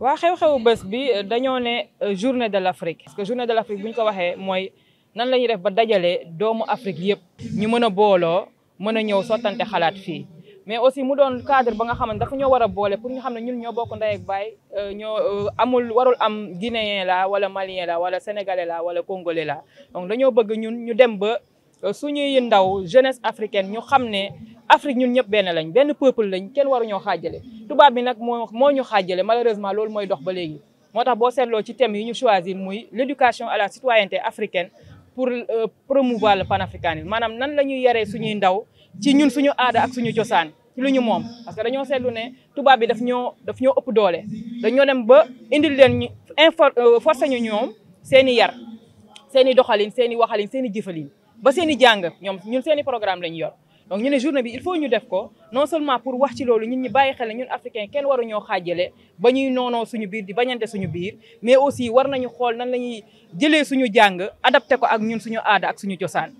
waa xew xew bés bi eh, dañoo ne eh, journée de l'Afrique parce que journée de l'Afrique bu ko waxee mooy nan la ñuy def ba dajalee doomu Afrique yëpp ñu mën a booloo mën a ñëw sottante xalaat fii mais aussi mu doon cadre ba nga xam ne dafa ñoo war a boole pour ñu xam ne ñun ñoo bokk ndey baay eh, ñoo amul warul am guinéen la wala malien la wala sénégalais wala congolais la donc dañoo bëgg ñun ñu dem ba suñuy ndaw jeunesse africaine ñu xam ne Afrique ñun ñëpp benn lañ benn peuple lañ kenn waruñoo xaajale tubaab bi nag moo moo ñu xaajale malheureusement loolu mooy dox ba léegi moo tax boo seetloo ci thème yi ñu choisir muy l'éducation à la citoyenneté africaine pour euh, promouvoir le panafricanisme maanaam nan la ñuy yaree suñuy ndaw ci ñun suñu aada ak suñu cosaan ci lu ñu moom parce que dañoo seetlu ne tubaab bi daf ñoo daf ñoo ëpp doole dañoo dem ba indil leen ñu infor euh, forcé ñu ñoom seen i yar seen i doxalin seeni i waxalin seen i jëfalin ba seen jàng ñoom ñun seen i programme lañu yor donc ñu ne journée bi il faut ñu def ko non seulement pour wax ci loolu ñun ñi bàyyi xel ñun africain kenn waru ñoo xaajale ba ñuy noonoo suñu biir di bañante suñu biir mais aussi war nañu xool nan la ñuy jëlee suñu jàng adapté ko ak ñun suñu aada ak suñu cosaan